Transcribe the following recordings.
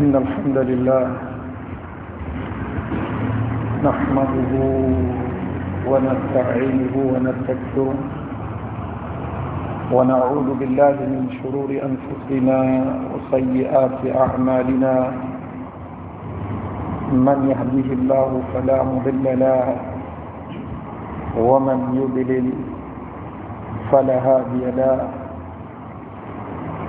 إن الحمد لله نحمده ونستعينه ونستكثره ونعوذ بالله من شرور أنفسنا وسيئات أعمالنا من يهديه الله فلا مضل له ومن يضلل فلا هادي له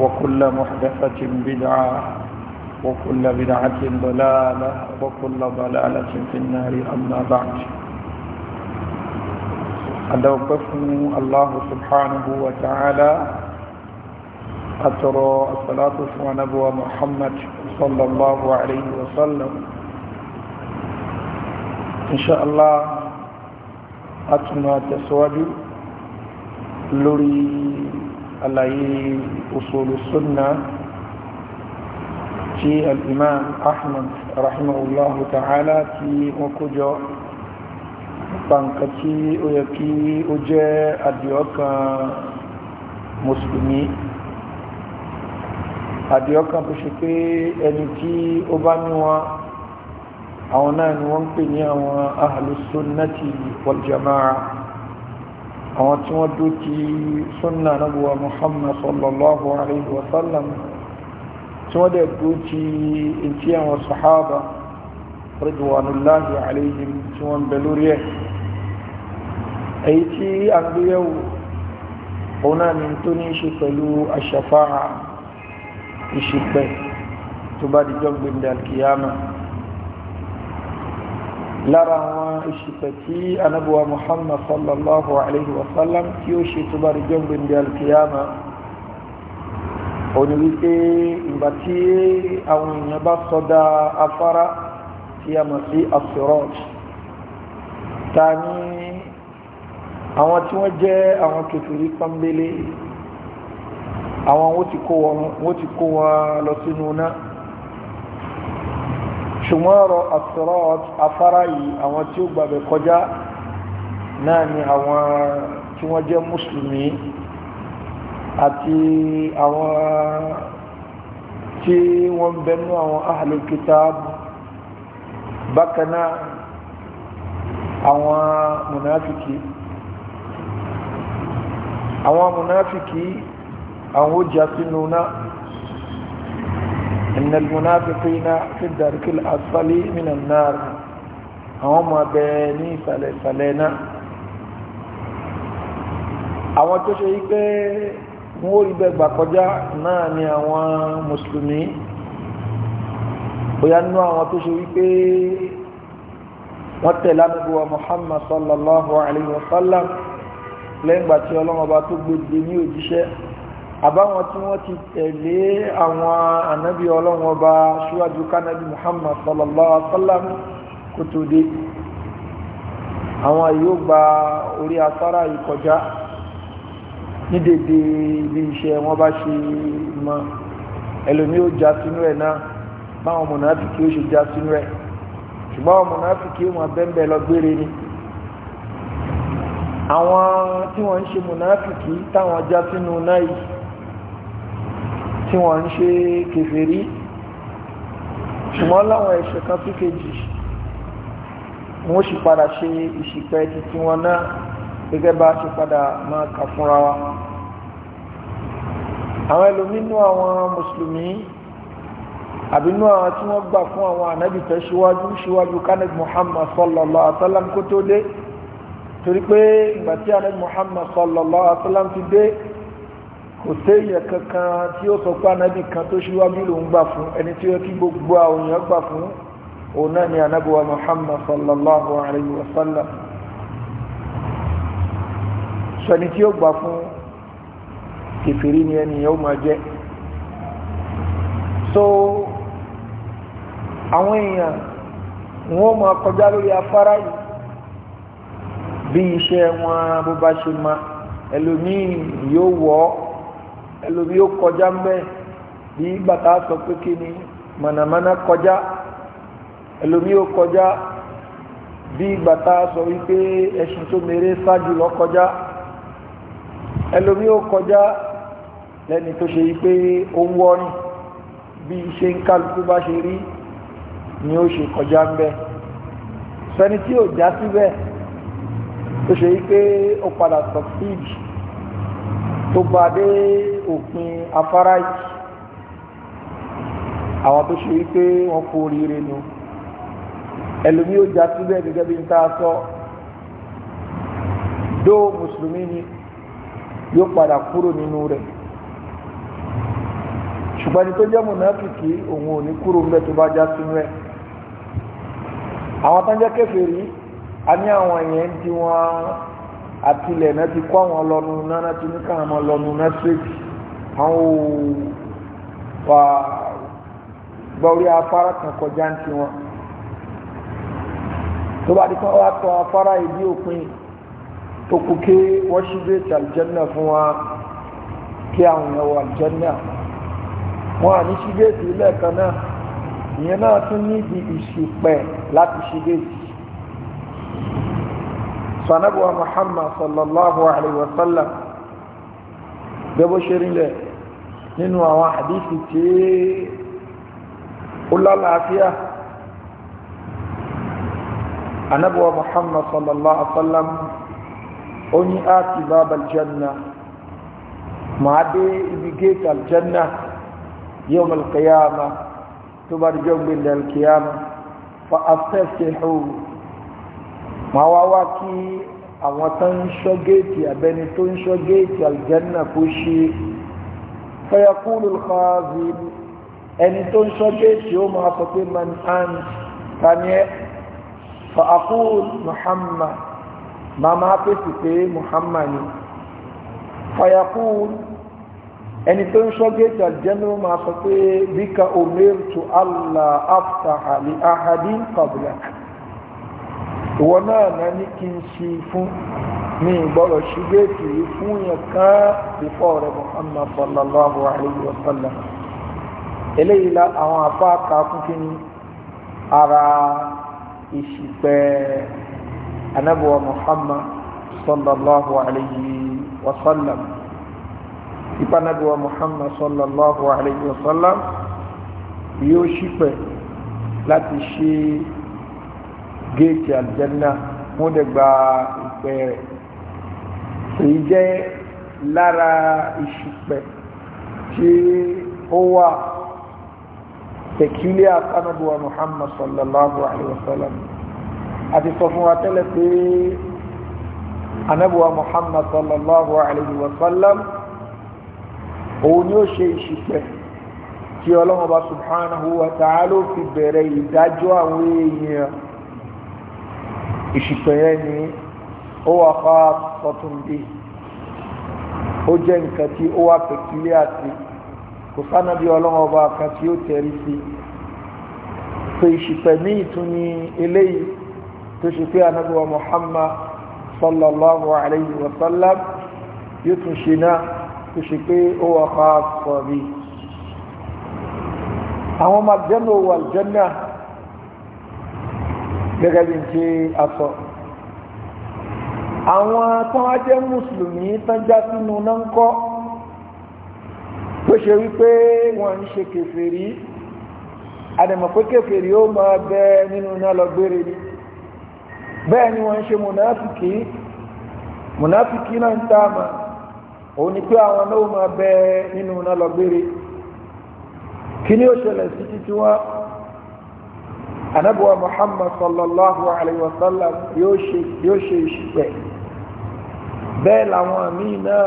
وكل محدثة بدعة وكل بدعة ضلالة وكل ضلالة في النار أما بعد قسم الله سبحانه وتعالى أترى الصلاة ونبوة محمد صلى الله عليه وسلم إن شاء الله أتنا تسواجه لوري àlàyé usulu sunna tí al-imam ahmad rahimahullahu ta'ala tí wọ́n kó jọ pàǹkà tí ó yẹ kí ó jẹ́ àdìọ́kan mùsùlùmí àdìọ́kan tó ṣe pé ẹni tí ó bá ní ni wọ́n ń pè àwọn tí wọ́n dó ti sunna nabuwa muhammad sallallahu alayhi wa sallam tí wọ́n dẹ̀ dó ti etí àwọn sahaba ridwanullahi alayhim tí wọ́n bẹ lórí ẹ̀ èyí tí a gbé yẹ̀wò òun náà ni tó ní ṣe pẹ̀lú àṣàfáà ìṣìpẹ̀ tó bá di jọ́ lára àwọn ìṣìpẹ̀ tí anábùwà muhammad sallallahu alayhi wa sallam tí ó ṣe tó bá rí jọ́ǹgbé ní alkiyama òní wípé ìgbà tí àwọn èèyàn bá sọdá afárá tí a mọ̀ sí asirat ta ní àwọn tí wọ́n jẹ́ àwọn kèfèrí pọ́nbélé àwọn wọ́n ti kó wọn lọ sínú náà ṣùgbọ́n ọ̀rọ̀ asirat afárá yìí àwọn tí ó gbàgbẹ́ kọjá náà ni àwọn tí wọ́n jẹ́ mùsùlùmí àti àwọn tí wọ́n bẹnu àwọn ahlul kitab bákan náà àwọn mùnáfìkì àwọn mùnáfìkì àwọn ó jà sínú إن المنافقين في الدرك الأسفل من النار هم بني سلسلنا àwọn tó ṣe yí pé wọ́n ó rí bẹ́ẹ̀ gbà kọjá náà ni àwọn mùsùlùmí bóyá nínú àwọn tó ṣe wípé wọ́n tẹ̀lé ànábì Muhammad sallallahu alayhi wa lẹ́yìn gbà tí ọlọ́mọba tó gbé dé ní òjíṣẹ́ àbáwọn tí wọ́n ti tẹ̀lé àwọn ànábì ọlọ́run ọba ṣíwájú kánábì muhammad sallallahu alaihi wa sallam kò tó dé àwọn yóò gba orí afárá yìí kọjá ní dèdè ilé iṣẹ́ wọn bá ṣe mọ ẹlòmí ó já sínú ẹ̀ náà báwọn mọ̀nàfíkì ó ṣe já sínú ẹ̀ ṣùgbọ́n àwọn mọ̀nàfíkì ó mọ̀ bẹ́ẹ̀ lọ ni àwọn tí wọ́n ń ṣe mọ̀nàfíkì táwọn já sínú náà yìí tí wọ́n ń ṣe kèfèrí ṣùgbọ́n láwọn ẹ̀ṣẹ̀ kan tó kejì wọ́n sì padà ṣe ìṣìpẹ̀ títí wọn náà gẹ́gẹ́ bá ṣe padà máa kà fúnra wa àwọn ẹlòmínú àwọn mùsùlùmí àbínú àwọn tí wọ́n gbà fún àwọn ànábì tẹ́ síwájú síwájú Muhammad sallallahu alaihi wasallam kó tó dé torí pé ìgbà tí ànábì Muhammad sallallahu alaihi wasallam ti dé kò téèyàn kankan tí ó sọ pé anábì kan tó ṣíwájú ló ń gbà fún ẹni tí ó kí gbogbo àwọn èèyàn gbà fún òun náà ni Muhammad sallallahu alayhi wa sallam sọ ẹni tí ó gbà fún ni ẹni máa so àwọn èèyàn wọn máa kọjá lórí afárá yìí bí iṣẹ́ wọn bó bá ṣe máa ẹlòmíì yóò ẹlòmí ó kọjá mẹ́ bí bàtà sọ pé kí ni mànàmáná kọjá ẹlòmí ó kọjá bí bàtà sọ wípé ẹṣin tó mèrè ṣáájú lọ kọjá ẹlòmí ó kọjá lẹ́ni tó ṣe wípé ó ń wọ́ni bí iṣẹ́ ń kálukú bá ṣe rí ni ó ṣe kọjá ń sẹni tí ò já síbẹ̀ tó ṣe wípé ó padà succeed tó bá dé òpin afárá yìí àwọn tó ṣe wípé wọn kó oríire nu ẹlòmí ó já síbẹ̀ gẹ́gẹ́ bí n ta sọ dó mùsùlùmí ni yóò padà kúrò nínú rẹ̀ ṣùgbọ́n ní tó jẹ́ mùnáfìkì òun ò ní kúrò ńbẹ tó bá já sínú ẹ̀ àwọn tó ń jẹ́ a ní àwọn èèyàn tí wọ́n àtìlẹ̀ náà ti kó àwọn lọ́nu náà ti ní káwọn lọ́nu náà ṣèkì àwọn wà gbọ́rí afárá kan kọjá ń ti wọn tó bá di kan wá tọ afárá ìdí òpin tó kú kí wọ́n ṣí gírètì àlùjẹ́nà fún wa kí àwọn èèyàn wọ àlùjẹ́nà wọn à ní ṣí gírètì lẹ́ẹ̀kan náà ìyẹn náà tún níbi ìṣìpẹ̀ láti ṣí gírètì sanabu wa muhammad sallallahu alaihi wa sallam gẹ́bọ́ ṣe rinlẹ̀ nínú àwọn àdífì tí ó lálàáfíà anábọ̀wà muhammad sallallahu alaihi wasallam ó ní áti bába aljanna máa dé ibi gẹ́ẹ̀tì aljanna yawm alqiyama tó bá rí jọ́gbìn alqiyama fa afẹ́fẹ́ hù máa wá wá kí àwọn tó ń ṣọ́ géètì abẹ́ni tó ń ṣọ́ géètì aljanna kó ṣe fayakulu al-khazin ẹni tó ń ṣọ́ géètì ó máa sọ pé man an taniẹ́ fa aqul muhammad màmá pèsè pé muhammad ni ẹni tó ń ṣọ́ géètì aljanna ó máa sọ pé bika umirtu allah aftaha ahadin qablak ìwọ náà náà ní kí n ṣe fún mi gbọ́dọ̀ ṣe géètì yìí fún yẹn kan ìfọ́ rẹ̀ Muhammad sallallahu alayhi wa sallam eléyìí la àwọn afọ àkàkùn kí ni ara ìṣìpẹ̀ anabuwa Muhammad sallallahu alayhi wa sallam ìpanabuwa Muhammad sallallahu alayhi yóò ṣìpẹ̀ láti ṣe géètì àlùjànnà wọ́n dẹ̀ gba ìpẹ́ rẹ̀ èyí jẹ́ lára ìṣùpẹ̀ tí ó wà tẹ̀kílẹ̀ àtànàbíwà Muhammad sallallahu alaihi wasallam àti sọ fún wa tẹ́lẹ̀ pé anábíwà Muhammad sallallahu alaihi wasallam òun ni ó ṣe ìṣùpẹ̀ tí ọlọ́mọba subhanahu wa ta'ala fi bẹ̀rẹ̀ ìdájọ́ àwọn èèyàn ìṣìpẹ̀ yẹn ni ó wà fà sọ́tún bí ó jẹ́ nǹkan tí ó wà pẹ̀kílẹ̀ àti kò sánà bí ọlọ́run ọba kan tí ó tẹ̀rí sí pé ìṣìpẹ̀ ní ìtúni eléyìí tó ṣe pé anábíwá Muhammad sallallahu alayhi wa sallam yóò tún ṣe náà tó ṣe pé ó wà fà sọ́ bí àwọn ọmọ gẹ́gẹ́ bí n ṣe aṣọ àwọn tán á jẹ́ mùsùlùmí tán já sínú náà ń kọ́ tó ṣe wípé wọ́n ń ṣe kèfèrí àdèmọ̀ pé kèfèrí ó máa bẹ nínú náà lọ gbére ni bẹ́ẹ̀ ni wọ́n ṣe mùnáfìkì mùnáfìkì náà ń tààmà òun ni pé àwọn náà máa bẹ nínú náà lọ gbére kí ni ó ṣẹlẹ̀ sí títí wọn anabuwa muhammad sallallahu alayhi wa sallam yóò ṣe ìṣìpẹ̀ bẹ́ẹ̀ làwọn míì náà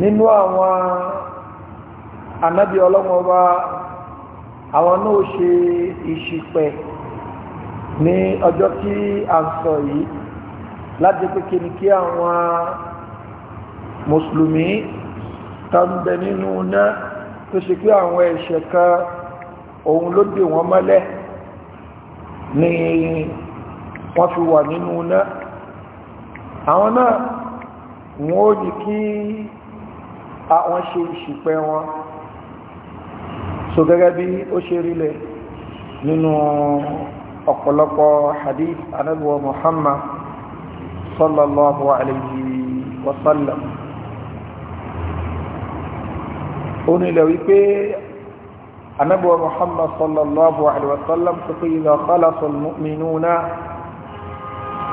nínú àwọn anabi ọlọ́mọba àwọn náà ṣe ìṣìpẹ̀ ní ọjọ́ tí a ń sọ yìí láti pé kí ni kí àwọn mùsùlùmí tán bẹ nínú náà tó ṣe pé àwọn kan òun ló dè wọ́n mọ́lẹ̀ ni wọ́n fi wà nínú náà àwọn náà wọ́n ó ní kí àwọn ṣe ìṣìpẹ̀ wọn so gẹ́gẹ́ bí ó ṣe rílẹ̀ nínú ọ̀pọ̀lọpọ̀ hadith anábíwa muhammad sallallahu alayhi wa sallam ó nílẹ̀ wípé anabuwa muhammad sallallahu alaihi wasallam sọ pé idha khalafa al-mu'minuna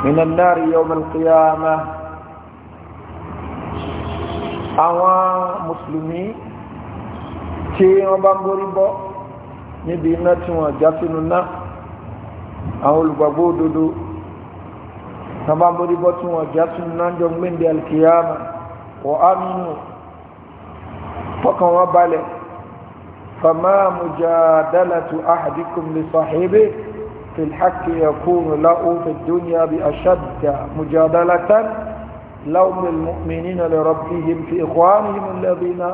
min an-nari yawm al-qiyamah àwọn mùsùlùmí tí wọ́n bá ń borí bọ́ níbi iná tí wọ́n já sínú náà àwọn olùgbàgbọ́ òdodo wọ́n bá ń borí bọ́ tí wọ́n já sínú náà jọ gbéǹde al-qiyamah wọ́n á nínú fọkàn wọn balẹ̀ فما مجادلة أحدكم لصاحبه في الحق يكون له في الدنيا بأشد مجادلة لوم المؤمنين لربهم في إخوانهم الذين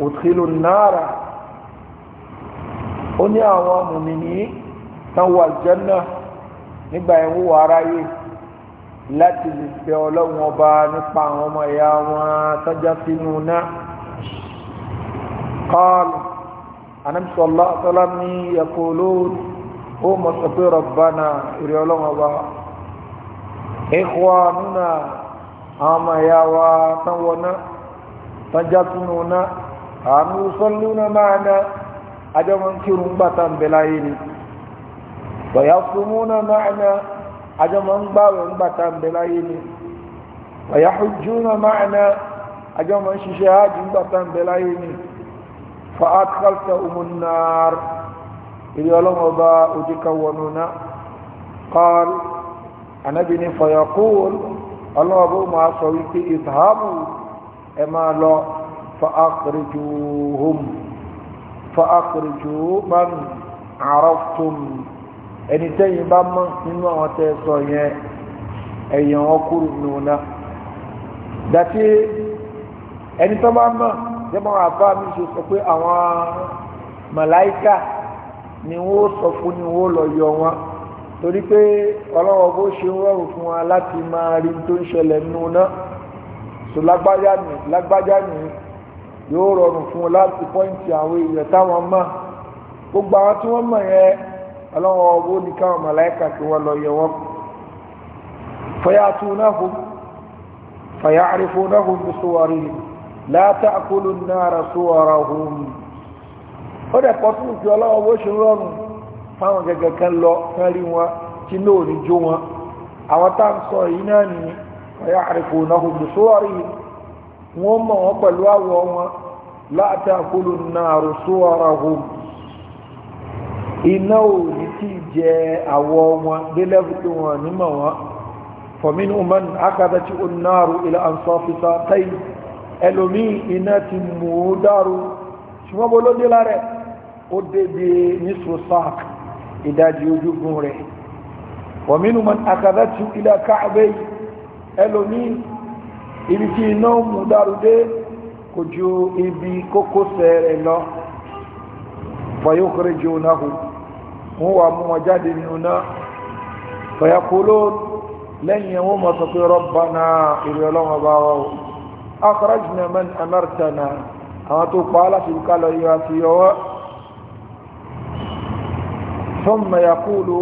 أدخلوا النار قل يا مؤمنين تنوى الجنة نبقى هو رأيه لا lè fẹ́ وبا ọba وما àwọn ọmọ ẹ̀yà anabi sallallahu alaihi wasallam ní yaqulun ó mọ̀ sọ pé rabbana ìrẹ́ ọlọ́run ọba ikhwanuna àwọn ọmọ ìyá wa tán wọná tán já túnú ná àánú salluna ma'ana ajọ́mọ́ kírun gbàtà ń bẹ ma'ana ajọ́mọ́ ń gbàwẹ̀ ń ma'ana ajọ́mọ́ ń ṣiṣẹ́ ájì fa adkhaltahum an-nar ilé ọlọ́wọ́ bá ojú ka wọnú náà qal anabi ní fa yaqul ọlọ́wọ́ bó máa sọ wípé ìtàhámù ẹ máa lọ fa akhrijuhum fa akhrijuhum man araftum ẹni tẹ́yìn bá mọ́ nínú àwọn tẹ́ sọ yẹn ẹ̀yàn ọkùnrin nù náà dàtí ẹni tó bá mọ́ jẹ́mọ́ àbá mi ṣe sọ pé àwọn màláìkà ni wọ́n sọ fún ni wọ́n lọ yọ wọn torí pé ọlọ́wọ́ bó ṣe rọrùn fún wa láti máa rí tó ń ṣẹlẹ̀ nínú náà so lágbájá ni lágbájá ni yóò rọrùn fún wa láti pọ́ǹtì àwọn èèyàn táwọn mọ̀ gbogbo àwọn tí wọ́n mọ̀ yẹn ọlọ́wọ́ bó ní káwọn màláìkà kí wọ́n lọ yọ wọn fọyà tún náà fún fàyà àrífọ́ náà fún bí sọ wà rí yìí láta àkólú náà sọ ara ohun ó dẹ̀ pọ̀ fún ìfẹ́ ọlọ́wọ́ bó ṣe rọrùn fáwọn gẹ́gẹ́ kan lọ kan rí wọn tí náà ní jó wọn àwọn tá ń sọ yìí náà ni ọ̀yá mọ̀ wọn pẹ̀lú àwọ̀ ní tí tí wọn ní mọ̀ ilẹ̀ ansọ́fisà tẹ́yìn ẹlòmí iná ti mú ó dáró ṣùgbọ́n bó ló dé lárẹ̀ ó dédé ní sosak ìdajì ojúgun rẹ̀ wọ̀mínú mọ́ àkàdátù ilẹ̀ káàbẹ̀ ẹlòmí ibi tí iná mú dáró dé kò ju ibi kókósẹ̀ rẹ̀ lọ fọyókèrè jù náà wọ́n wà mú wọn jáde nínú náà fọyàkóló lẹ́yìn wọn mọ̀ sọ pé rọ́bà náà ìrẹ̀lọ́wọ́ bá wọ́n akọrọjìnà man amartana àwọn tó pa láti ń kálọ yíwa ti yọwọ́ thumma yaqulu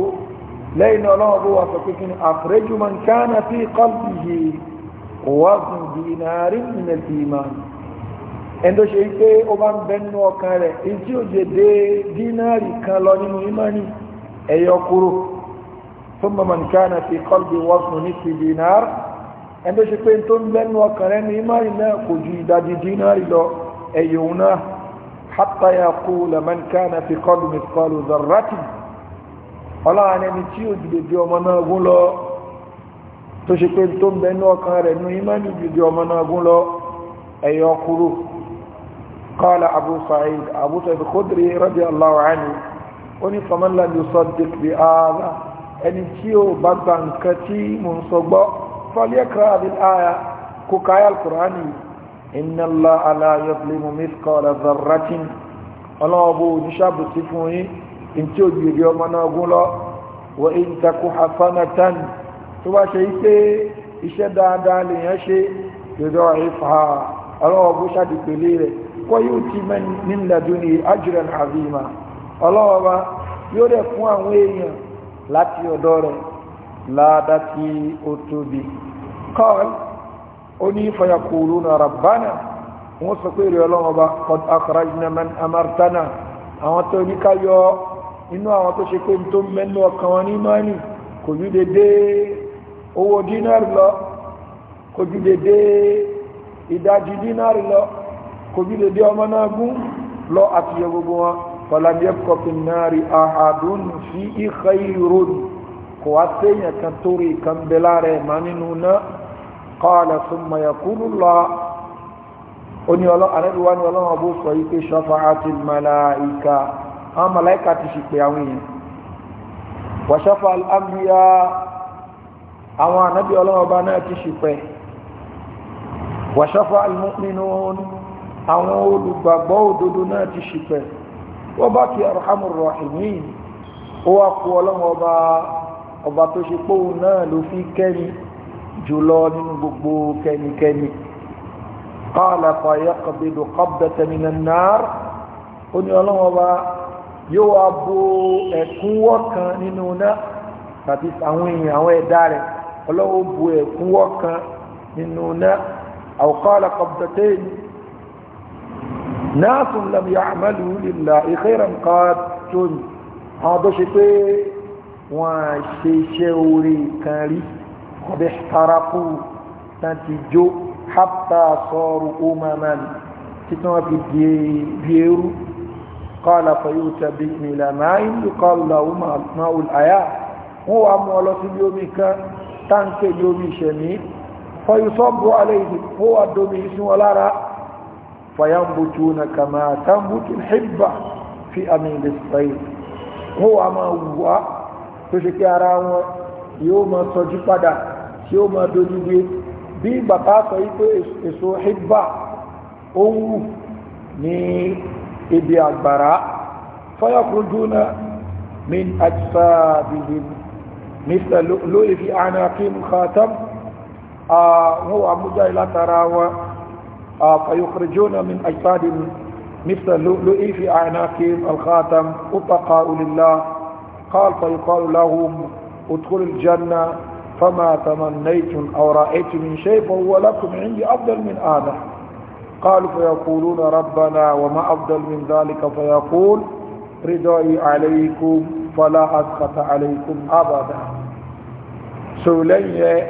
lẹ́yìn ọlọ́wọ́ bó wà sọ pé kí ni akhriju man kana fi qalbihi wazn dinarin min al-iman ẹni tó ṣe pé ó bá ń bẹnu ọkàn rẹ̀ tí ó jẹ dé dínárì kan lọ nínú ìmánì ẹ̀yọ kúrò thumma man kana fi qalbi wazn nisfi dinar ẹni tó ṣe pé tó ń gbẹ́nu ọkàn rẹ̀ ní ìmáàrì náà kò ju ìdajì dínárì lọ ẹ̀yẹ̀ òun náà hatta yaqula man kana fi qalbi mithqalu dharratin ọlọ́run ẹni tí ò dìde di ọmọ náà gún lọ tó ṣe pé tó ń gbẹ́nu ọkàn rẹ̀ ní ìmáàrì dìde ọmọ náà gún lọ ẹ̀yẹ̀ ọkùrú قال أبو سعيد أبو سعيد الخدري رضي الله عنه أني فمن لم يصدق بهذا أني تيو بابا كتي من صبأ فليقرأ بالآية كوكايا القرآني إن الله لا يظلم مثقال ذرة الله أبو نشاب السفوني إن تجي اليوم أنا أقول وإن تك حسنة تبا شيء iṣẹ́ dáadáa lè yẹn ṣe yọ̀dọ̀ ìfà ọlọ́wọ́ bó ṣàdìpèlé rẹ̀ kọ́ yóò ti mẹ́ni nílẹ̀dún ní ajran azima ọlọ́wọ́ bá yóò dẹ̀ fún àwọn èèyàn láti ọ̀dọ̀ rẹ̀ láàdá tí ó tóbi kọ́l ó ní fayakuru na rabbana wọ́n sọ pé ìrẹ̀ ọlọ́run ọba qad akhrajna man amartana àwọn tó ní ká yọ inú àwọn tó ṣe pé tó mẹ́nu ọkàn wọn ní mọ́ni kò ju dédé owó dínárì lọ kò ju dédé ìdajì dínárì lọ kò ju dédé ọmọ náà gún lọ àti yọ gbogbo wọn falam yabqa fin nari ahadun fi kò wá séèyàn kan torí kan bẹ lára ẹ̀ máa nínú náà qala thumma yaqulu Allah ó ní ọlọ́run àrẹ́bíwá ní ọlọ́run ọbọ̀ sọ yìí pé shafa'atil malaika àwọn màláìka ti sì pé àwọn èèyàn wa shafa'al anbiya àwọn ànábì ọlọ́run ọba náà ti sì pẹ́ wa shafa'al mu'minun àwọn olùgbàgbọ́ òdodo náà ti sì pẹ́ wa baqiya arhamur rahimin ó wá kú ọlọ́run ọba tó ṣe póun náà ló fi kẹ́ni jùlọ nínú gbogbo kẹ́nikẹ́ni qala fa yaqbidu qabdatan min an-nar ó ní ọlọ́wọ́n ọba yóò wá bo ẹ̀kúnwọ́ kan nínú náà tàbí àwọn èèyàn àwọn ẹ̀dá rẹ̀ ọlọ́wọ́ bo ẹ̀kúnwọ́ kan nínú náà aw qala qabdatayn nasun lam ya'malu lillahi khayran qad tó ní àwọn tó ṣe pé wọ́n ṣe iṣẹ́ orí kan rí ọdẹ taraku tán ti jó hatta sọrọ omaman títí wọ́n fi di eru kọ́lá fayó tàbí ìlànà ìlú kọ́lá ọmọ àyà wọ́n wà mú ọlọ́sí bí omi kan táǹkì bí ìṣẹ̀mí fayó sọ́bù aláìsí ó wà domi ìsún wọn lára fayambutuna kama tambutu hibba fi amin lisbayi wọ́n wà máa wù tó ṣe pé ara wọn yóò mọ sọjú padà tí ó mọ dojú gbé bí bàbá sọ wípé èso hibba ó ń wù ní ibi àgbàrá fayakhrujuna min ajsadihim mista lóye fi anaqim khatam wọ́n wà mú jáì látara wọn fayakhrujuna min ajsadihim mista lóye fi anaqim khatam ó tàkà ulillah قال فيقال لهم ادخل الجنة فما تمنيت أو رأيت من شيء فهو لكم عندي أفضل من هذا قالوا فيقولون ربنا وما أفضل من ذلك فيقول رضاي عليكم فلا أسخط عليكم أبدا سولي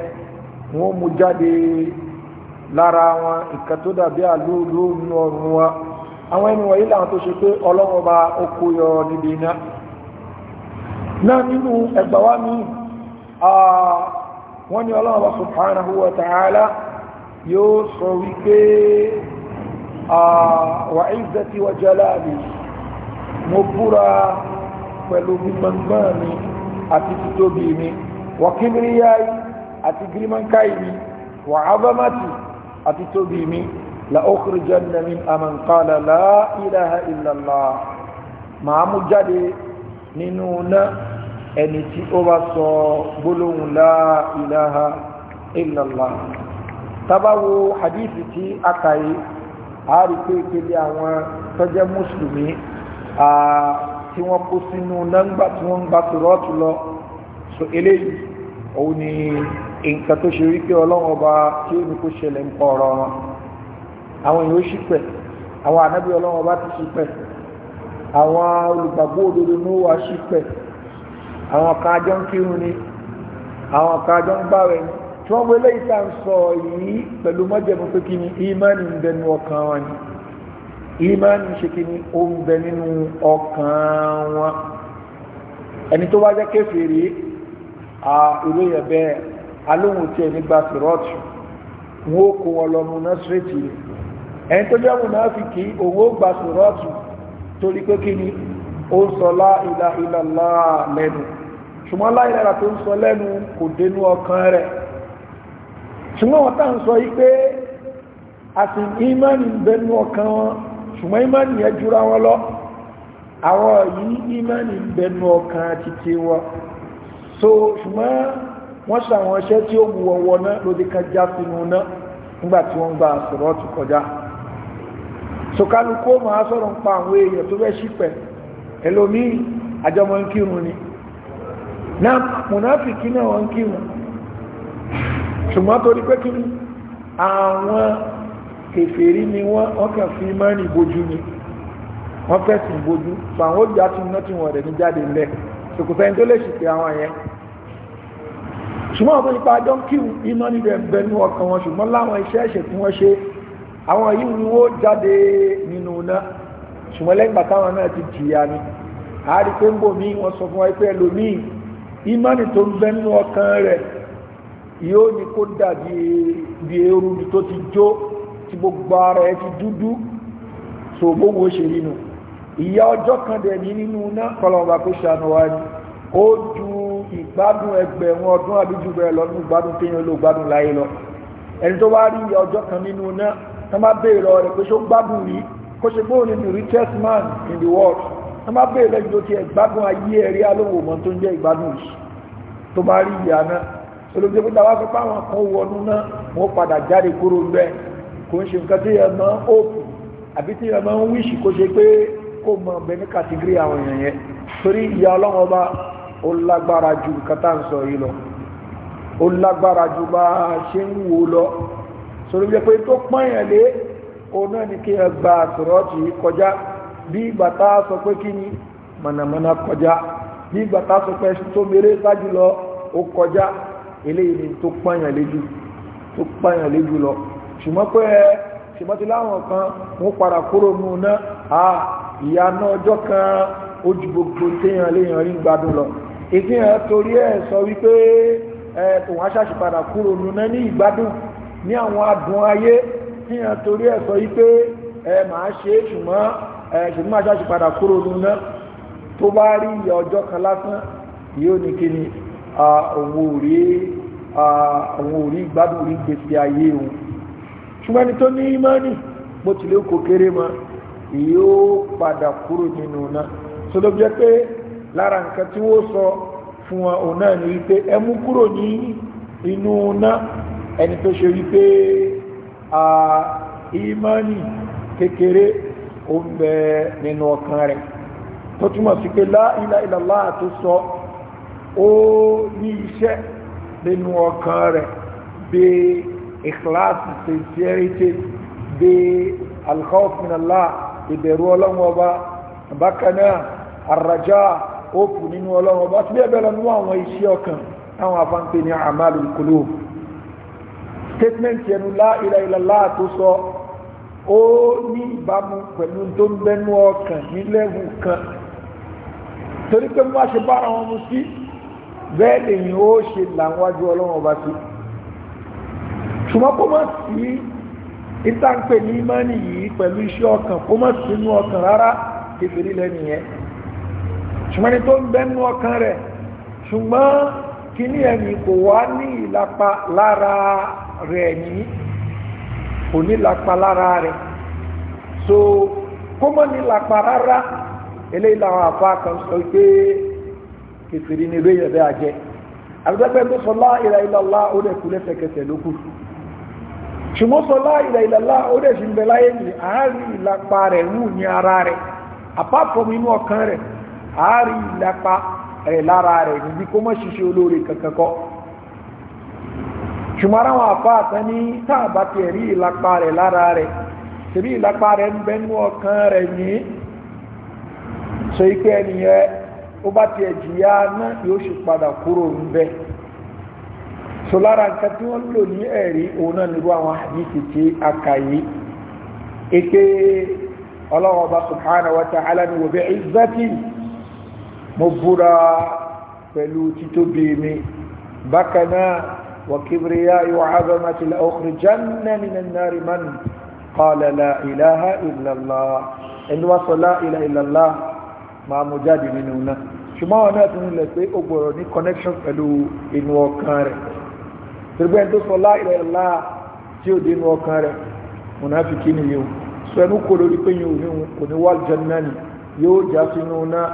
ومجدي lára wọn ìkà tó dàbí àlúlú nínú ọrùn wọn àwọn ẹni wọ̀nyí làwọn tó ṣe náà nínú ẹgbàwá mi wọ́n ni ọlọ́wọ́ subhanahu wa ta'ala yóò sọ wípé wa izzati wa jalali mo búra pẹ̀lú mímọ̀mọ́ mi àti títóbi mi wa kibriyai àti girimankai mi wa azamati àti tóbi mi la ukhrijanna nínú náà ẹni tí ó bá sọ gbólóhùn la ilaha illallah tábàwo hadith tí a kà yìí a rí pé ìpele àwọn tọ́jẹ́ mùsùlùmí tí wọ́n kó sínú nọ́ńgbà tí wọ́n ń gba tòrọ́ọ̀tù lọ so eléyìí òun ni nǹkan tó ṣe wípé ọlọ́run ọba tí ó ní ṣẹlẹ̀ ń pọ̀ ọ̀rọ̀ wọn àwọn èèyàn ṣì pẹ̀ àwọn ànábì ọlọ́run ọba ti ṣì pẹ̀ àwọn olùgbàgbọ́ òdodo ní ó wà ṣì pẹ̀ àwọn kan ajọ́ ń kírun ni àwọn kan ń gbàwẹ̀ ni tí wọ́n gbé léyìí tá à ń sọ yìí pẹ̀lú mọ́jẹ̀mú pé kí ni ìmánì ń bẹ nínú ọkàn wọn ni ìmánì ṣe kí ni ó ń bẹ nínú ọkàn wọn ẹni tó bá jẹ́ kéfèèrè a ìlú yẹn bẹ́ẹ̀ alóhùn tí ẹni gba wọn ó kó wọn lọ mu náà sírètì ẹni tó jẹ́ mu náà fi kí òun ó gba sírọ́ọ̀tù torí pé kí ni ó ń sọ láìlà ìlàlá lẹ́nu ṣùgbọ́n láìlára tó ń sọ lẹ́nu kò dénú ọkàn rẹ̀ ṣùgbọ́n wọ́n tá ń sọ yí àsìn ìmánì bẹnu ọkàn wọn ṣùgbọ́n ìmánì yẹn wọn lọ àwọn yìí bẹnu wọn so ṣùgbọ́n wọ́n ṣàwọn iṣẹ́ tí ó mú ọwọ́ náà so ka ẹlòmí àjọmọ̀ ń kírun ni náà mùnáfìkì náà wọ́n ń kírun ṣùgbọ́n torí pé kí àwọn kèfèrí ni wọ́n ọkàn fi mọ́rin ìbojú ni wọ́n fẹ́sìn ìbojú fàwọn ó jà tún náà tí wọ́n rẹ̀ ní jáde lẹ́ ṣùkùfẹ́ tó lè ṣìpẹ̀ àwọn yẹn ṣùgbọ́n ọ̀tọ́ nípa àjọ ń kírun iná níbẹ̀ bẹnu ọkàn wọn ṣùgbọ́n láwọn iṣẹ́ ẹ̀ṣẹ̀ tí wọ́n ṣe àwọn yìí ni wọ́n jáde nínú náà ṣùgbọ́n lẹ́gbàá táwọn náà ti jìyà ni àárí pé ń bò mí wọ́n sọ fún wa pé ẹlòmíì ìmánì tó ń bẹ nínú ọkàn rẹ̀ yóò ní kó dàbí bí eérú ni tó ti jó tí gbogbo ara ẹ ti dúdú so gbogbo ṣe nínú ìyá ọjọ́ kan dẹ̀ ní nínú náà kọlọ̀ọ̀bà kó ṣàánú wa ni ó ju ìgbádùn ẹgbẹ̀rún ọdún àbíjú bẹ̀rẹ̀ lọ nínú ìgbádùn téèyàn ló gbádùn láyé lọ ẹni tó wá rí ìyá ọjọ́ kan nínú náà tó má béèrè rẹ̀ pé ṣó gbádùn rí kó ṣe gbóhùn nínú richest man in the world wọ́n bá bèèrè lẹ́jọ́ tí ẹgbádùn ayé ẹ̀rí alówó mọ́ tó ń jẹ́ ìgbádùn yìí tó bá rí ìyá náà olóògbé pé dáwà pípa àwọn kan wọnú náà wọ́n padà jáde kúrò ń bẹ́ kò ń ṣe nǹkan tí ẹ máa ń òkú àbí tí ẹ máa ń wíṣì kó ṣe pé kó mọ ọbẹ̀ ní kàtígírì àwọn èèyàn yẹn torí ìyá ọlọ́run ọba ó lágbára ju nǹkan ń sọ yìí lọ ó lágbára ju bá a ṣe ń wò lọ sọ̀rọ̀ jẹ́ pé tó pọ́n yẹn lé òun náà ni kí ẹ gba àtúrọ́ọ̀tì kọjá bí ìgbà tá a sọ pé kí ni mọ̀nàmọ́ná kọjá bí ìgbà tá a sọ pé ẹṣin tó mèrè sáájú lọ ó kọjá eléyìí ni tó pààyàn léjú tó pààyàn léjú lọ ṣùgbọ́n pé ẹ ṣùgbọ́n ti láwọn kan wọ́n padà kúrò nù náà à ìyá náà ọjọ́ kan ojú gbogbo téèyàn léèyàn rí gbádùn lọ ìfihàn torí ẹ̀ sọ wípé ẹ òun aṣáṣì padà kúrò nù náà ní ìgbádùn ní àwọn adùn ayé fihàn torí ẹ̀ sọ wípé ẹ màá ṣe é ṣùgbọ́n ṣùgbọ́n máa ṣáṣì padà kúrò nínú tó bá rí ìyà ọjọ́ kan lásán yóò ní kí ni àwọn òrí gbádùn rí gbèsè ayé òun ṣùgbọ́n ẹni tó ní ìmánì bó tilẹ̀ kò kéré mọ́ yóò padà kúrò nínú náà tó ló jẹ́ pé lára nǹkan tí wọ́n sọ fún wọn ni wípé ẹ mú kúrò ó ń bẹ nínú ọkàn rẹ̀ tó túmọ̀ sí pé la ilaha illallah sọ ó ní iṣẹ́ nínú ọkàn rẹ̀ bí ìkìláàsì sincerity bí al-khawf min Allah ìbẹ̀rù ọlọ́run ọba bákanáà àràjá òkú nínú ọlọ́run ọba tí bẹ́ẹ̀ bẹ́ẹ̀ lọ nínú àwọn iṣẹ́ ọkàn táwọn afánpé ní àmàlù qulub statement yẹnu la ilaha illallah sọ ó ní ìbámu pẹ̀lú tó ń bẹnu ọkàn ní lẹ́wù kan torí pé wọ́n ṣe bára wọn mu sí bẹ́ẹ̀ lèyìn ó ṣe làwájú ọlọ́run ọba sí ṣùgbọ́n kó má sí ìtànpẹ̀ ní ìmánì yìí pẹ̀lú iṣẹ́ ọkàn kó má sínú ọkàn rárá kèfèrí lẹ́nìyẹn ṣùgbọ́n ni tó ń bẹnu ọkàn rẹ̀ ṣùgbọ́n kí ní kò wá ní ìlapa lára rẹ̀ yìí kò ní lapa lára rẹ̀ so kó mọ́ ní lapa rárá eléyìí làwọn àfa kan sọ pé kẹsìrì ni lóye bẹ́ẹ̀ àjẹ́ àbúdẹ́gbẹ́ tó sọ lá ilaha illallah ó dẹ̀ kú lẹ́sẹ̀kẹsẹ̀ ló kù ṣùgbọ́n sọ lá ilaha illallah ó dẹ̀ ṣì ń bẹ láyé ní àárín ìlapa rẹ̀ wù ní ara rẹ̀ àpapọ̀ inú ọkàn rẹ̀ àárín ìlapa rẹ̀ lára rẹ̀ níbi kó mọ́ ṣiṣẹ́ olóore kankan kọ́ ṣùgbọ́n àwọn àfáàtán ní tààbà ti rí ìlàpá rẹ̀ lára rẹ̀ tẹ̀bí ìlàpá rẹ̀ ń bẹnu ọkàn rẹ̀ ní so ipé ẹniyẹn ó bá ti ẹ̀jìyà náà yóò ṣe padà kúrò ń bẹ́ so lára nǹkan tí wọ́n lò ní ẹ̀rí òun náà nírú àwọn àdìsí tí a ike ọlọ́wọ́ bá subhanahu wa ta'ala mo búra pẹ̀lú títóbi mi bákan وكبرياء وعظمة لأخرجن من النار من قال لا إله إلا الله إن وصل لا إله إلا الله مع مجاد من هنا ṣùgbọ́n àwọn náà tún lè pé ó gbọ́rọ̀ ní connection pẹ̀lú inú ọkàn rẹ̀ gbogbo ẹni tó sọ la ilaha illallah tí ó dé inú ọkàn rẹ̀ mùnáfíkí ni yóò sọ ẹnu kò lórí pé yóò ní kò ní wal jannah ni yóò já sínú náà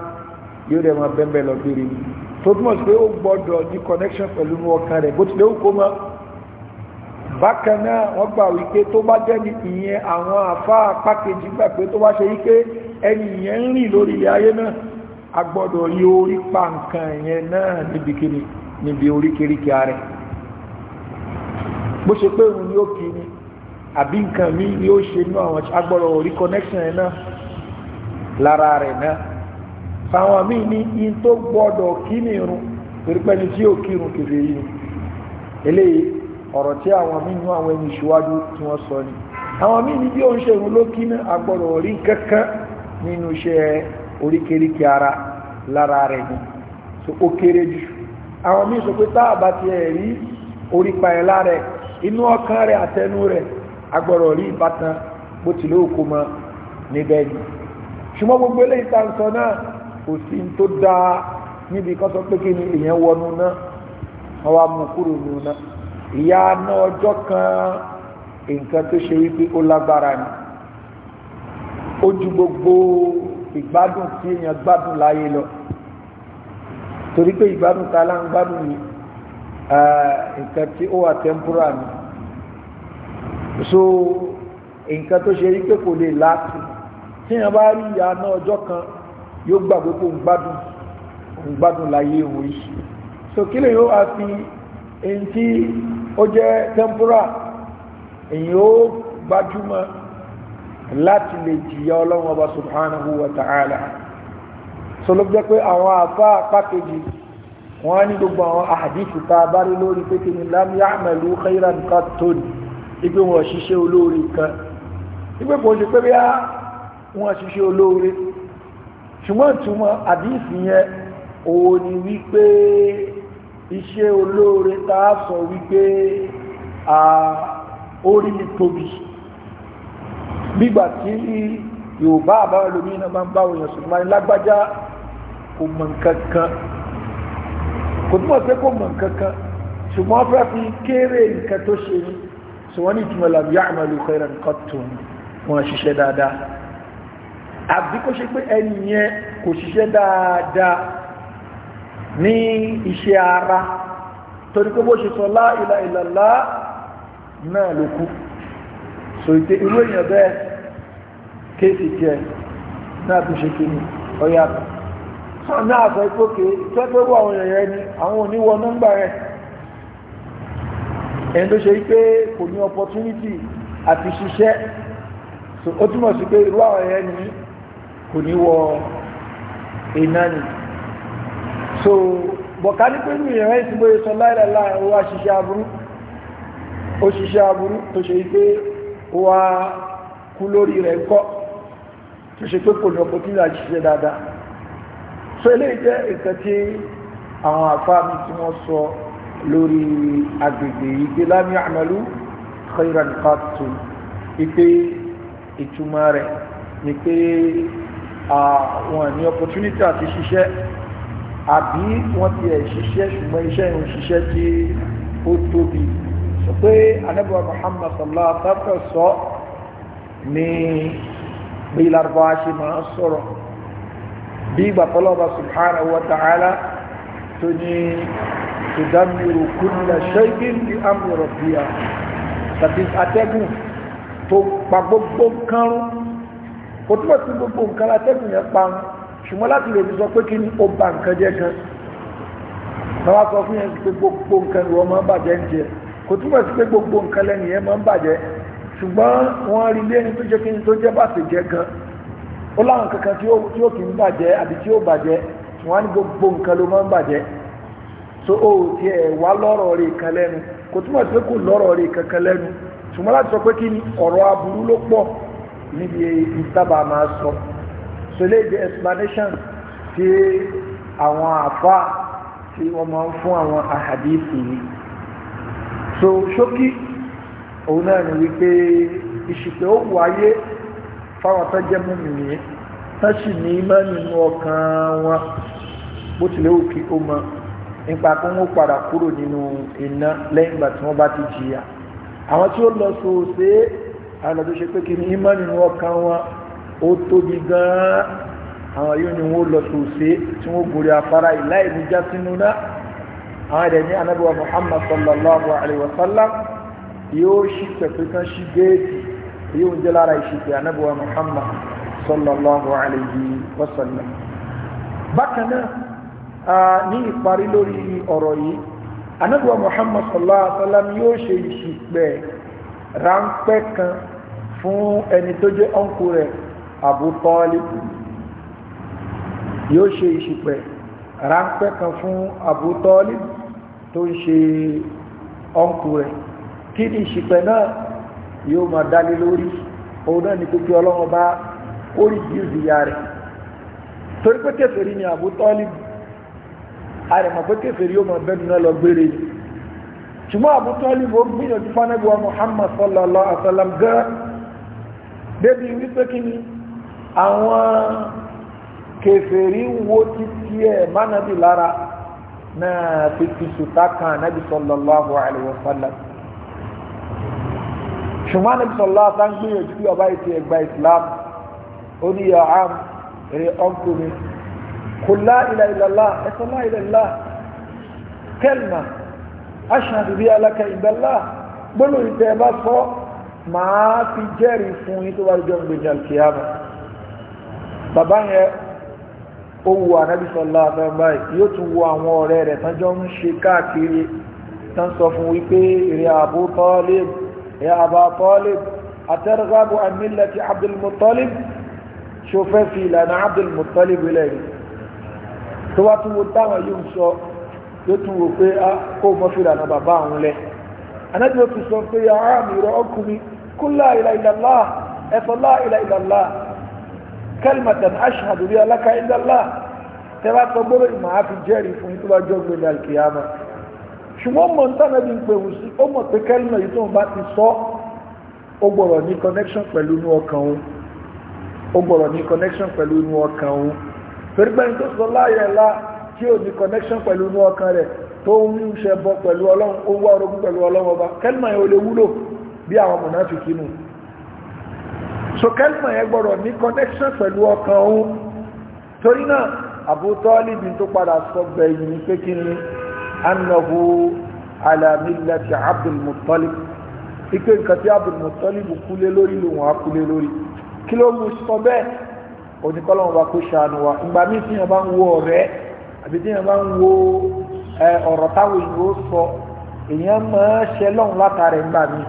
yóò dẹ̀ máa bẹ́ẹ̀ bẹ́ẹ̀ lọ bèrè ni tó túmọ̀ sí pé ó gbọ́dọ̀ ní connection pẹ̀lú ọkàn rẹ̀ bó tilẹ̀ ó kó mọ́ bákan náà wọ́n gbà wípé tó bá jẹ́ ní ìyẹn àwọn àfá apá kejì gbà pé tó bá ṣe wípé ẹni ìyẹn ń rìn lórí ilẹ̀ ayé náà a gbọ́dọ̀ yí orí pa nǹkan ìyẹn náà níbi kíni níbi oríkèríkè ààrẹ bó ṣe pé òun ni ó kí ni àbí nǹkan míì ni ó ṣe inú àwọn agbọ́dọ̀ orí connection yẹn náà lára rẹ̀ náà àwọn míì ní in tó gbọ́dọ̀ kí ní irun torí pẹ́ni tí ó kírun kèrè yìí eléyìí ọ̀rọ̀ tí àwọn míì ní àwọn ẹni ìṣíwájú tí wọ́n sọ ni àwọn míì ní bí ó ṣe irun ló kí ní agbọ́dọ̀ orí kankan nínú iṣẹ́ ara rẹ̀ ni àwọn míì sọ tá ti ẹ̀ rí rẹ̀ àtẹnu kò sí tó dáa níbi kan sọ pé kí ni èèyàn wọnú náà wọ́n wá mú kúrò nù náà ìyá náà ọjọ́ kan nǹkan tó ṣe wípé ó lágbára ni ó ju gbogbo ìgbádùn tí èèyàn gbádùn láyé lọ torí pé ìgbádùn ta lá gbádùn ni eh, nǹkan tí ó wà tẹ́ḿpúrà ni so nǹkan tó ṣe wípé kò lè láti tí èèyàn bá rí ìyá náà ọjọ́ kan yóò gbàgbé kó ń gbádùn ń gbádùn láyé òun yìí so kí lè yóò wá fi èyí tí ó jẹ́ temporal èyí ó gbájúmọ́ láti lè jìyà ọlọ́run ọba subhanahu wa ta'ala so ló jẹ́ pé àwọn àfá pàkejì wọ́n á ní gbogbo àwọn àdìsù tá a bá rí lórí pé kí ni lam ya'malu khayran qattun ipe wọn ṣiṣẹ́ olóore kan ipe kò ṣe pé bí wọ́n ṣiṣẹ́ olóore ṣùgbọ́n ìtumọ̀ àdíìsì yẹn òun ni wípé iṣẹ́ olóore tá a sọ wípé orí ni tóbi gbígbà tí yorùbá àbáwọn lómi náà máa ń bá òyìn ṣùgbọ́n lágbájá kò mọ̀ nǹkan kan kò túmọ̀ pé kò mọ̀ nǹkan ṣùgbọ́n fẹ́ fi kéré nǹkan tó ṣe ni ṣùgbọ́n ní ìtumọ̀ làbí àmàlù khairan qattu wọn ṣiṣẹ́ dáadáa àbí kó ṣe pé ẹni yẹn kò ṣiṣẹ́ dáadáa ní iṣẹ́ ara torí pé bó ṣe sọ la ilaha illallah náà ló kú so ìtẹ irú èèyàn bẹ́ẹ̀ kéèsì tiẹ̀ náà tó ṣe kíni ọ̀yà tó náà sọ pé òkè tẹ́tẹ́rù àwọn èèyàn ni àwọn oníwọ nọ́mbà rẹ̀ ẹni tó ṣe pé kò ní opportunity àti ṣiṣẹ́ so ó túmọ̀ sí pé irú àwọn èèyàn ni kò ní wọ iná ni so bọ̀ká ní pé ìrìn rẹ̀ ti bóyá sọ láìláìlá ó wá ṣiṣẹ́ aburú ó ṣiṣẹ́ aburú tó ṣe pé ó wá kú lórí rẹ̀ ń kọ́ tó ṣe pé kò ní tí láti dáadáa so eléyìí jẹ́ nǹkan tí àwọn àfáà mi tí wọ́n sọ lórí agbègbè ìgbé lámì àmàlú khairan qattu ìpè rẹ̀ ni pé àwọn ní opportunity àti ṣiṣẹ́ àbí wọ́n ti ẹ̀ ṣiṣẹ́ ṣùgbọ́n iṣẹ́ ìrùn ṣiṣẹ́ tí ó tóbi sọ pé anábíwá Muhammad sallallahu alaihi wasallam sọ ní bí larba ṣe máa sọ̀rọ̀ bí gbàtọ́lọ́ba subhanahu wa ta'ala tó ní tudammiru kulla shay'in bi amri rabbiha tàbí atẹ́gùn tó pa gbogbo kánrún kò túbọ̀ sí gbogbo nǹkan látẹ́gùn yẹn pa wọn ṣùgbọ́n láti lè sọ pé kí ni ó ba nǹkan jẹ́ gan bàbá sọ fún yẹn pé gbogbo nǹkan ni wọ́n máa ń bàjẹ́ ń jẹ kò túbọ̀ sí pé gbogbo nǹkan lẹ́nu yẹn máa ń bàjẹ́ ṣùgbọ́n wọ́n rí tó jẹ́ kí ni tó jẹ́ jẹ́ gan ó láwọn kankan tí ó kì gbogbo nǹkan ló máa ń bàjẹ́ o wá ṣùgbọ́n níbi ìtàbà máa sọ so lè di explanation tí àwọn àfa tí wọ́n máa ń fún àwọn àhàdíìsì yìí so ṣókí òun náà ni wípé ìṣìpẹ̀ ó wáyé fáwọn tó jẹ́ mú mi nìyẹn tán sì ní mọ́ nínú ọkàn wọn bó tilẹ̀ ó kí ó mọ nípa pé wọ́n padà kúrò nínú iná lẹ́yìn ìgbà tí wọ́n bá ti jìyà àwọn tí ó lọ sòòsè àwọn tó ṣe pé kí ni imani wọn kan wọn ó tóbi gan-an àwọn yóò ní wọn lọ sòsè tí wọn gòrè afárá yìí láì ní já sínú náà àwọn ẹ̀dẹ̀ ní anábíwá muhammad sallallahu alayhi wa sallam yóò ṣí pẹ̀pẹ́ kan ṣí géètì yóò jẹ́ lára ìṣìpẹ̀ anábíwá muhammad sallallahu alayhi wa bákan náà ní ìparí lórí ọ̀rọ̀ yìí anábíwá muhammad sallallahu alayhi wa yóò ṣe ìṣìpẹ̀ ráńpẹ́ kan fún ẹni tó jẹ́ ọ̀nkù rẹ̀ Abu Talib yóò ṣe ìṣìpẹ̀ ráńpẹ́ kan fún Abu Talib tó ń ṣe ọ̀nkù rẹ̀ kí ni ìṣìpẹ̀ náà yóò máa dálé lórí òun náà ni pé kí ọlọ́run bá orí bíúdìyà rẹ̀ torí pé kèfèrí ni Abu Talib àrẹ̀mọ̀ pé kèfèrí yóò máa bẹ́nu náà lọ gbére ṣùgbọ́n Abu Talib ó gbìyànjú fánẹ́gbọ́ Muhammad sallallahu alaihi wa sallam gan débi wípé kí ni àwọn kèfèrí wo ti tiẹ̀ mánàbí lára náà fi fi sùtá kan ànábì sallallahu alaihi wa sallam ṣùgbọ́n ànábì sallallahu tá ń gbìyànjú bí ọba ìtì ẹgbà islam ó ní yà ám èrè ọkùnrin kò lá ilà ìlàlá ẹ̀sọ́ lá ilà ìlà kẹ́lìmà aṣáájú bí alákẹ́ ìtẹ̀ bá sọ máa fi jẹ́rìí fún yín tó bá jọ ń gbèjà kìámà bàbá yẹn ó wu ànábì sọlá àfẹ́mbá yóò tún wo àwọn ọ̀rẹ́ rẹ̀ tán jọ ń ṣe káàkiri tán sọ fún wípé ìrẹ́ Abu Talib ìrẹ́ Aba Talib atẹ́rẹ́gbàbọ̀ àmìlẹ̀ ti Abdul ṣo fẹ́ fi ìlànà Abdul Muttalib tó wá tún wo táwọn yóò sọ yóò tún wo pé ah, kó mọ́ fi bàbá àwọn lẹ́yìn anábì ó ti sọ pé ara mi rọ ọkùnrin kú láìla ìlàlá ẹ̀fọ́ láìla ìlàlá kẹlmatan ashhadu bi alaka illallah tẹ́lá sọ gbọ́dọ̀ ìmọ̀ á fi jẹ́rìí fún tó bá jọ gbẹ̀dẹ̀ alkiyama ṣùgbọ́n mọ̀ ń tàbí ń pè wù sí ó mọ̀ pé kẹ́lìmọ̀ yìí tó ń bá ti sọ ó gbọ́dọ̀ ní connection pẹ̀lú inú ọkàn òun ó gbọ́dọ̀ ní connection pẹ̀lú inú ọkàn òun torí pé tó sọ láyẹ̀ tí ò ní connection pẹ̀lú inú ọkàn rẹ̀ tó ń ṣẹbọ pẹ̀lú ọlọ́run ó wá orogún pẹ̀lú ọlọ́run ọba kẹ́lìmà yẹn ò lè wúlò bí àwọn mùnáfìkì nù so kẹ́lìmà yẹn gbọ́dọ̀ ní connection pẹ̀lú ọkàn òun torí náà Abu Talib tó padà sọ gbẹ̀yìn pé kí ni annahu ala millati Abdul Muttalib ipe nǹkan tí Abdul Muttalib kúlé lórí lòun á kúlé lórí kí ló mú sọ bẹ́ẹ̀ oníkọ́lọ́wọ́n bá kó ṣàánú wa ìgbà míì tí yẹn bá ń wo ọ̀rẹ́ àbí tí yẹn bá ń wo ọ̀rọ̀ táwọn òyìnbó sọ èèyàn máa ṣe lọ́hùn látara ńgbà mi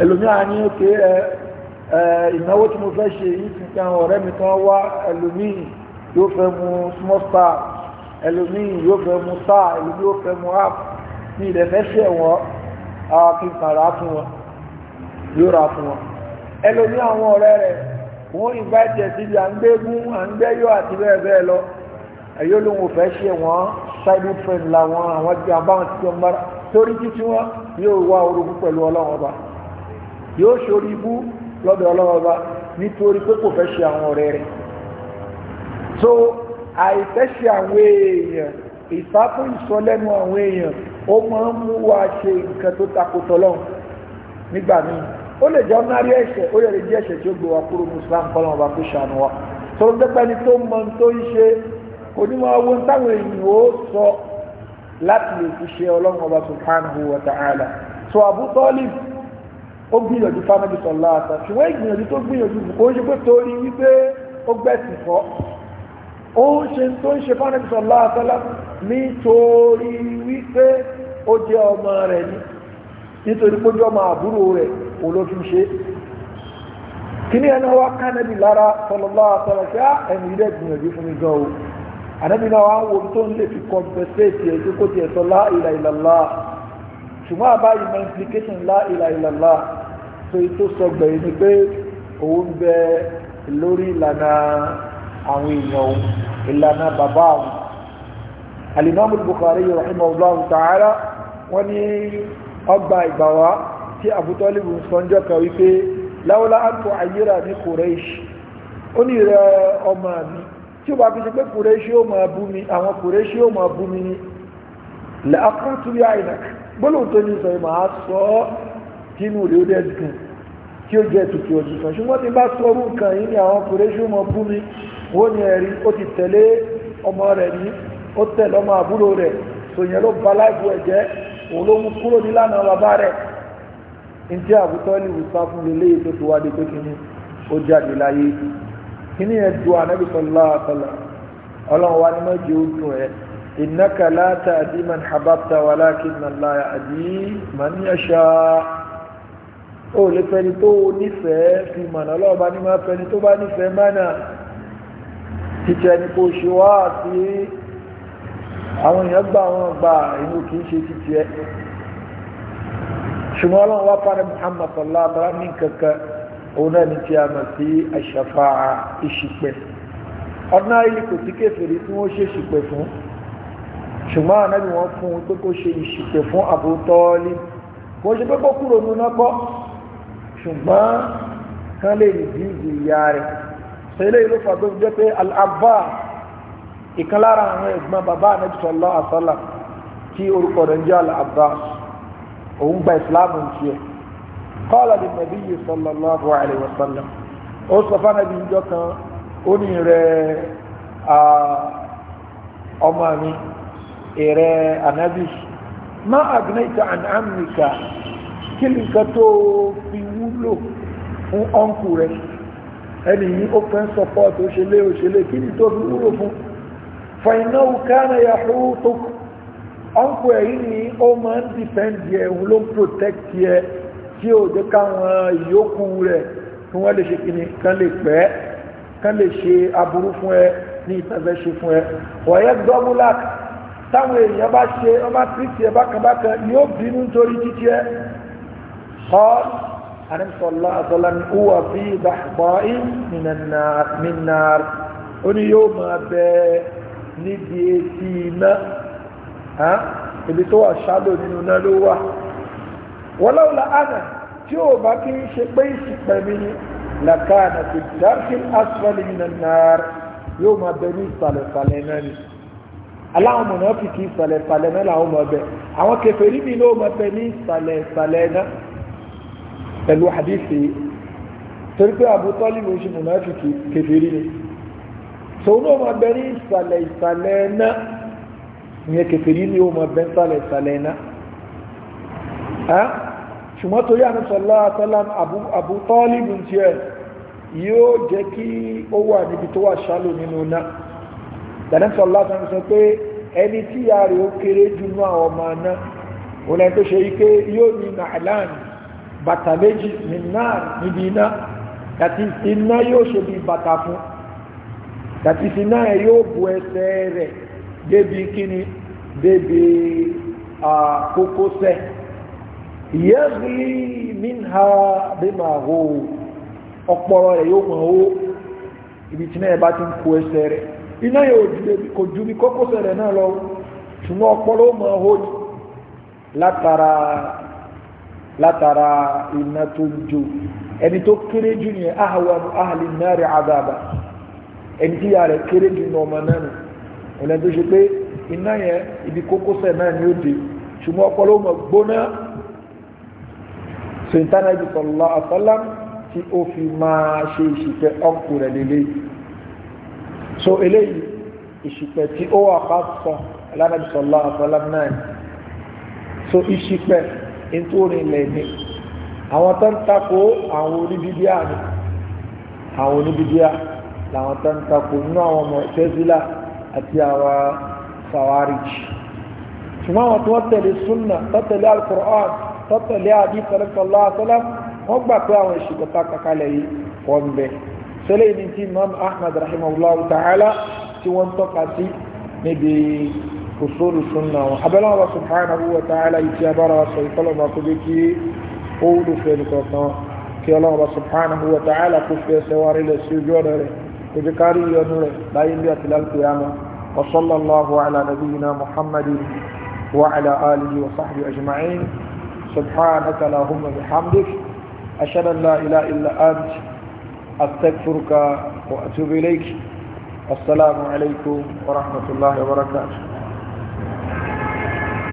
ẹlòmíràn ní òkè ìnáwó tí mo fẹ́ ṣe yìí ti fi àwọn ọ̀rẹ́ mi kan wá ẹlòmíì yóò fẹ́ mu small star ẹlòmíì yóò fẹ́ mu star ẹlòmíì yóò fẹ́ mu app ní ilẹ̀ fẹ́ ṣe wọ́n kí n kàn rà fún wọn yóò rà fún wọn ẹlòmíì àwọn ọ̀rẹ́ rẹ̀ wọ́n invite ẹ̀ síbi à ń gbé gún à ń gbé yóò àti bẹ́ẹ̀ bẹ́ẹ̀ lọ ẹ̀yọ́ ló ń fẹ́ ṣe wọ́n childhood friend làwọn àwọn tí a bá wọn ti jọ mara torí títí wọn yóò wá orogún pẹ̀lú ọlọ́run ọba yóò ṣorí ibú lọ́dọ̀ ọlọ́run ọba nítorí pé kò fẹ́ ṣe àwọn ọ̀rẹ́ rẹ̀ so àìfẹ́ ṣe àwọn èèyàn ìsápò ìsọlẹ́nu àwọn èèyàn ó máa ń mú wa ṣe nǹkan tó takòtọ̀ lọ́hùn nígbà míì ó lè jẹ́ ọ̀nà rí ẹ̀ṣẹ̀ ó yẹ lè jẹ́ ẹ̀ṣẹ̀ tí ó gbé wa kúrò Muslim, Islam kọ́lọ́mọba kó ṣàánú wa tó ń dẹ́pẹ́ni tó mọ tó ń ṣe onímọ̀ owó ń táwọn èèyàn ó sọ láti lè fi ṣe ọlọ́run ọba subhanahu wa ta'ala so Abu Talib ó gbìyànjú fámẹ́lì sọ̀lá àtà ṣùgbọ́n ìgbìyànjú tó gbìyànjú kò ń ṣe pé torí wípé ó gbẹ̀sì fọ́ ó ń ṣe tó ń ṣe fámẹ́lì sọ̀lá àtàlá nítorí wípé ó jẹ́ ọmọ rẹ̀ ní nítorí pé ọmọ àbúrò rẹ̀ kò ló fi ṣe kí ni ẹni wá kánẹ́bì lára sọ̀lá àtàlá ah, ẹni ilé gbìyànjú fún mi gan o ànábì náà wọ́n wo tó ń lè fi compensate ẹ̀ tó kó tiẹ̀ sọ la ilaha illallah ṣùgbọ́n àbáyé mọ implication la ilaha illallah so ètò sọ gbẹ̀yìn ni pé òun bẹ lórí ìlànà àwọn èèyàn òun ìlànà bàbá àwọn alimami Bukhari rahimahullahu ta'ala wọ́n ní ọgbà ìgbà wa tí Abu Talib ń sọ́njọ́ kan wípé láwọ́lá àtò àyíra ní Quraysh ó ní ìrẹ ọmọ mi tí ó bá fi ṣe pé kùrẹ́ṣí ó máa bú mi àwọn kùrẹ́ṣí ó máa bú mi ní lẹ́ọ̀kan tó yá ìnà gbólóhùn tó ní sọ yìí máa sọ ọ́ kínú rèé ó dẹ́ dùn kí ó jẹ́ tutù ọdún kan ṣùgbọ́n tí bá sọ orú nǹkan yìí ni àwọn kùrẹ́ṣí ó máa bú mi wọ́n ní ẹ̀rí ó ti tẹ̀lé ọmọ rẹ̀ ní ó tẹ̀lé ọmọ àbúrò rẹ̀ sòyìn ló ba láìpẹ́ ẹ̀jẹ̀ òun ló mú kúrò kíní yẹn du anabi sallallahu alaihi wa sallam ọlọ́run wa ni má jẹ́ ó dùn ẹ́ innaka la ta'di man hababta walakinna Allaha ya'di man yasha ó lè fẹ́ni tó nífẹ̀ẹ́ fi mọ̀nà ọlọ́run bá ní má fẹ́ni tó bá nífẹ̀ẹ́ mánà títí ẹni kò ṣe wá àti àwọn èèyàn gbà wọn gba inú kì ṣe títí e. ṣùgbọ́n ọlọ́run wá parí Muhammad sallallahu alaihi kankan òun náà ni tí a mọ̀ sí àṣàfà ìṣìpẹ̀ ọ̀nà ilé kò sí kéfèrè tí wọ́n ṣe ìṣìpẹ̀ fún ṣùgbọ́n ànábì wọn fún un pé kó ṣe ìṣìpẹ̀ fún Abu Talib kò ṣe pé kó kúrò nínú ọkọ̀ ṣùgbọ́n kán lè rìdíìzì ìyá rẹ̀ sẹ́lẹ̀ ìlú fàgbé jẹ́ pé al ìkan lára àwọn ẹ̀gbọ́n bàbá ànábì sallallahu alaihi wasallam orúkọ rẹ̀ ń jẹ́ al òun gba ìsìláàmù tiẹ̀ qala linnabi sallallahu alayhi wa sallam ó sọ fún anabi ìjọ kan ó ní rẹ ọmọ mi rẹ anabi ma agnaita an amnika kí ni nǹkan tó fi wúlò fún ọ̀nkù rẹ ẹni yìí ó fẹ́ sọpọ́ọ̀tì òṣèlé òṣèlé kí ni tó fi wúlò fún fa innahu kana yahutuk ọ̀nkù ẹ̀yìn ni ó máa ń dìfẹ́ǹdì ẹ̀ ló ń protect ẹ̀ tí ó jẹ́ káwọn ìyókù rẹ̀ tí wọ́n lè ṣe kìíní kan lè pẹ́ kan lè ṣe aburú fún ẹ ní ìtàfẹ́ ṣe fún ẹ wọ̀nyẹ́ dọ́múlák táwọn èèyàn bá ṣe ọmọ tìrìtì ẹ bákanbákan yóò bínú torí títí ẹ kọ́ àníṣọ́lá àtọ́lá ní uwa fi dàpọ̀ ìnìyàn ó ibi tó wà ṣálò nínú náà ló wà wọ́láwọ́lá ánà tí ó bá kí ń ṣe pé ìsìnkpẹ̀mí ni làkàna fi dárkì asfali nínú náà yóò máa bẹ ní ìsàlẹ̀sàlẹ̀ náà ni aláwọn ọmọ náà fi kí ìsàlẹ̀sàlẹ̀ náà làwọn ọmọ bẹ àwọn kèfèrí mi ló máa bẹ ní ìsàlẹ̀sàlẹ̀ náà pẹ̀lú hadithi torí pé Abu Talib oṣù mùnáfìkì kèfèrí ni tòun náà máa bẹ ní ìsàlẹ̀ náà ìyẹn kèfèrí ni ó máa bẹ ní ìsàlẹ̀ náà ṣùgbọ́n torí àníṣọ́lá àtọ́lám Abu Talib tí ẹ̀ yóò jẹ́ kí ó wà níbi tó wà ṣálò nínú náà dàníṣọ́lá tó ń sọ pé ẹni tí ya rẹ̀ ó kéré jùnú àwọn ọmọ náà òun ẹni tó ṣe ike yóò ní nàìlán bàtà méjì ní náà níbi iná àti iná yẹ́gìlì minha bímà hó ọpọlọ rẹ̀ yóò mọ̀ ó ibi tí náà bá ti ń kó ẹsẹ̀ rẹ̀ iná yóò kò ju bí kókósẹ̀ rẹ̀ náà lọ ṣùgbọ́n ọpọlọ mọ̀ ó látara látara iná tó ń jó ẹni tó kéré jù ní ahàlì náà rẹ̀ àgàbà ẹni tí ya rẹ̀ kéré jù ní ọmọ náà nù tó ṣe pé so ìtànàjì sallallahu alaihi wasallam tí ó fi máa ṣe ìṣìpẹ̀ ọkù rẹ̀ lélẹ̀ so eléyìí ìṣìpẹ̀ tí ó wà bá sọ alánàjì sallallahu alaihi wasallam náà so ìṣìpẹ̀ nítorí ilẹ̀ ni àwọn tó ń takò àwọn oníbíbíà ni àwọn oníbíbíà làwọn tó ń takò nínú àwọn ọmọ ìfẹ́sílà àti àwọn sàwárìjì ṣùgbọ́n àwọn tí wọ́n tẹ̀lé súnà tó tẹ̀lé alukur'an tọ́tẹ̀lé àbí sọlọ́sọlọ́ àtọ́lá wọ́n gbà pé àwọn ìṣègùntà kàkálẹ̀ yìí wọ́n bẹ̀. sọlẹ́ ìní tí imam ahmad rahimahullah ta'ala tí wọ́n tọ́ka sí níbi usulu sunna wọn. abẹ́lẹ́ wọn bá subhanahu wa ta'ala yìí tí a bára sọ ìkọlọ̀ kó bí kí ó wúlò fẹ́ni kọ̀ọ̀kan kí ọlọ́wọ́ bá subhanahu wa kó fi ẹsẹ̀ rí lẹ̀ sí ojú ọ̀nà rẹ̀ kó fi kárí الله على نبينا محمد وعلى آله وصحبه أجمعين سبحانك اللهم بحمدك أشهد أن لا إله إلا أنت أستغفرك وأتوب إليك السلام عليكم ورحمة الله وبركاته